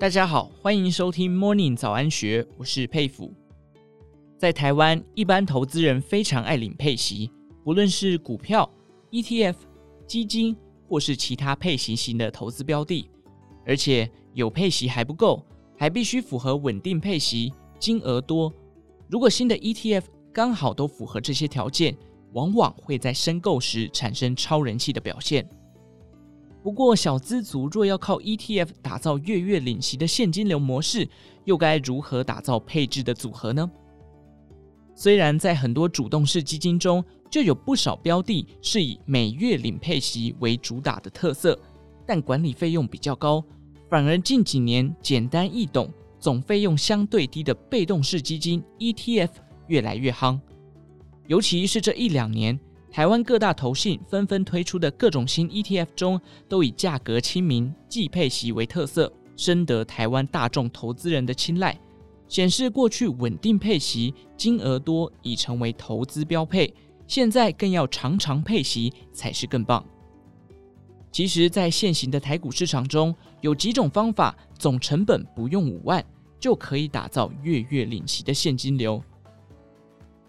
大家好，歡迎收聽 Morning 早安學，我是佩服。在台灣，一般投資人非常愛領配息，不論是股票、ETF、基金，或是其他配息型的投資標的。而且有配息還不夠，還必須符合穩定配息、金額多。如果新的 ETF 剛好都符合這些條件，往往會在申購時產生超人氣的表現。不過，小資族若要靠 ETF 打造月月領息的現金流模式，又該如何打造配置的組合呢？雖然在很多主動式基金中，就有不少標的是以每月領配息為主打的特色，但管理費用比較高，反而近幾年簡單易懂、總費用相對低的被動式基金 ETF 越來越夯，尤其是這一兩年。台灣各大投信紛紛推出的各種新 ETF 中，都以價格親民、既配息為特色，深得台灣大眾投資人的青睞，顯示過去穩定配息、金額多已成為投資標配，現在更要常常配息才是更棒。其實，在現行的台股市場中，有幾種方法，總成本不用五萬就可以打造月月領息的現金流。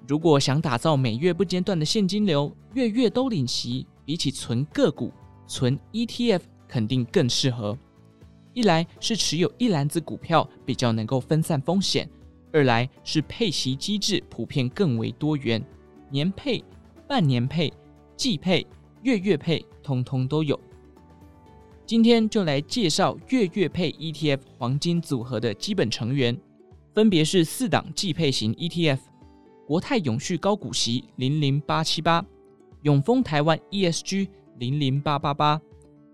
如果想打造每月不間斷的現金流，月月都領息，比起存個股、存 ETF，肯定更適合。一來是持有一籃子股票比較能夠分散風險，二來是配息機制普遍更為多元，年配、半年配、季配、月月配，通通都有。今天就來介紹月月配 ETF 黃金組合的基本成員，分別是四檔季配型 ETF。國泰永續高股息零零八七八，永豐台灣 ESG 零零八八八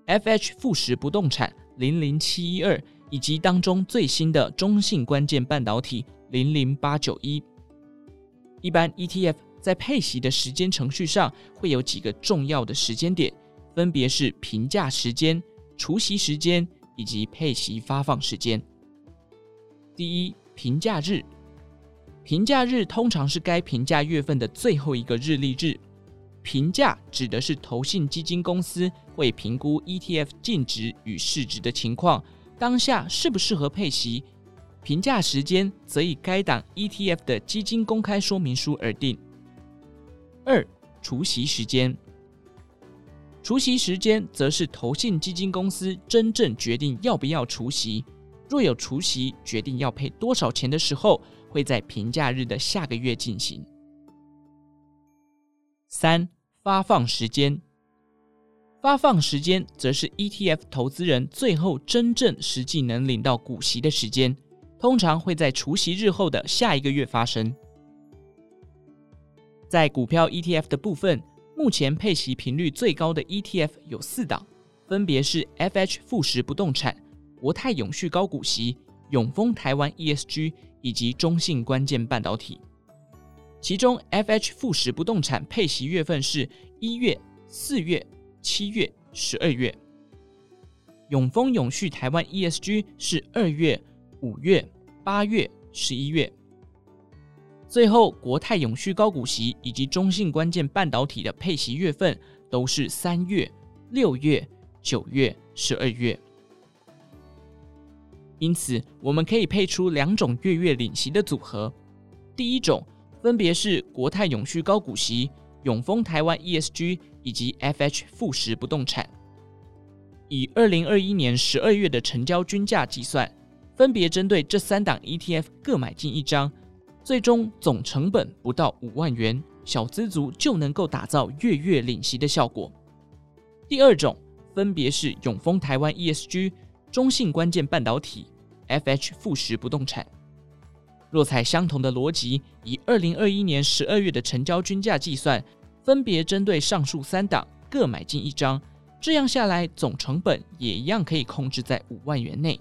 ，FH 富時不動產零零七一二，以及當中最新的中信關鍵半導體零零八九一。一般 ETF 在配息的時間程序上會有幾個重要的時間點，分別是評價時間、除息時間以及配息發放時間。第一，評價日。評價日通常是該評價月份的最後一個日曆日。評價指的是投信基金公司會評估 ETF 淨值與市值的情況，當下適不適合配息。評價時間則以該檔 ETF 的基金公開說明書而定。二、除息時間。除息時間則是投信基金公司真正決定要不要除息，若有除息，決定要配多少錢的時候，會在評價日的下個月進行。三、發放時間，發放時間則是 ETF 投資人最後真正實際能領到股息的時間，通常會在除息日後的下一個月發生。在股票 ETF 的部分，目前配息頻率最高的 ETF 有四檔，分別是 FH 富時不動產、國泰永續高股息。永豐台灣 ESG 以及中信關鍵半導體。其中 FH 富時不動產配息月份是一月、四月、七月、十二月；永豐永續台灣 ESG 是二月、五月、八月、十一月；最後國泰永續高股息以及中信關鍵半導體的配息月份都是三月、六月、九月、十二月。因此，我們可以配出兩種月月領息的組合。第一種分別是國泰永續高股息、永豐台灣 ESG 以及 FH 富時不動產。以二零二一年十二月的成交均價計算，分別針對這三檔 ETF 各買進一張，最終總成本不到五萬元，小資族就能夠打造月月領息的效果。第二種分別是永豐台灣 ESG。中信關鍵半導體、FH 富時不動產。若採相同的邏輯，以二零二一年十二月的成交均價計算，分別針對上述三檔各買進一張，這樣下來總成本也一樣可以控制在五萬元內。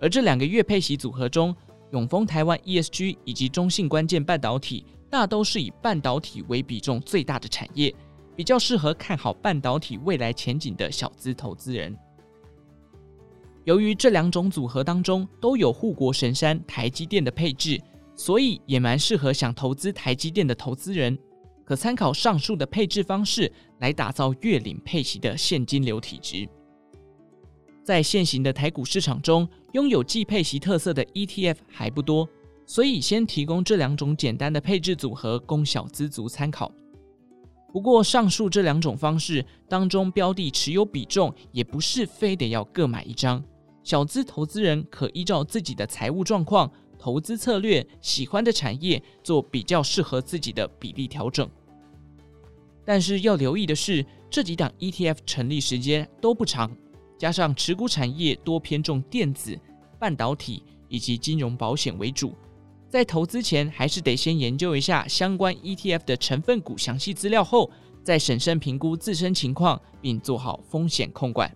而這兩個月配息組合中，永豐台灣 ESG 以及中信關鍵半導體，大都是以半導體為比重最大的產業，比較適合看好半導體未來前景的小資投資人。由於這兩種組合當中都有護國神山台積電的配置，所以也蠻適合想投資台積電的投資人，可參考上述的配置方式來打造月領配息的現金流體質。在現行的台股市場中，擁有季配息特色的 ETF 還不多，所以先提供這兩種簡單的配置組合供小資族參考。不過上述這兩種方式當中標的持有比重也不是非得要各買一張。小資投資人可依照自己的財務狀況、投資策略、喜歡的產業，做比較適合自己的比例調整。但是要留意的是，這幾檔 ETF 成立時間都不長，加上持股產業多偏重電子、半導體以及金融保險為主，在投資前還是得先研究一下相關 ETF 的成分股詳細資料後，再審慎評估自身情況，並做好風險控管。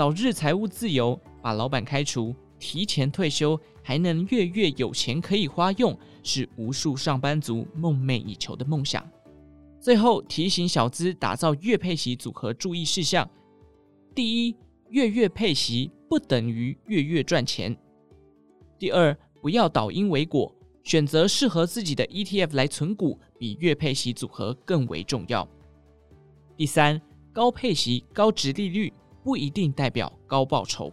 早日財務自由，把老板開除，提前退休，還能月月有錢可以花用，是無數上班族夢寐以求的夢想。最後提醒小資打造月配息組合注意事項：第一，月月配息不等於月月賺錢；第二，不要倒因為果，選擇適合自己的 ETF 來存股，比月配息組合更為重要；第三，高配息高殖利率。不一定代表高報酬。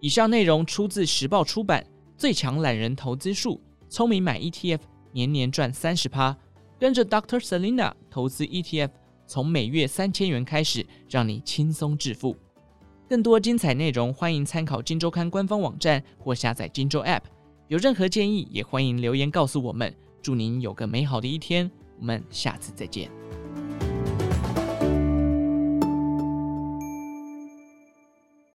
以上內容出自《時報出版》《最強懶人投資術》，聰明買 ETF，年年賺三十趴。跟着 Dr. Selina 投資 ETF，從每月三千元開始，讓你輕鬆致富。更多精彩內容，歡迎參考《今周刊》官方網站或下載《今周 App》。有任何建議，也歡迎留言告訴我們。祝您有個美好的一天，我們下次再見。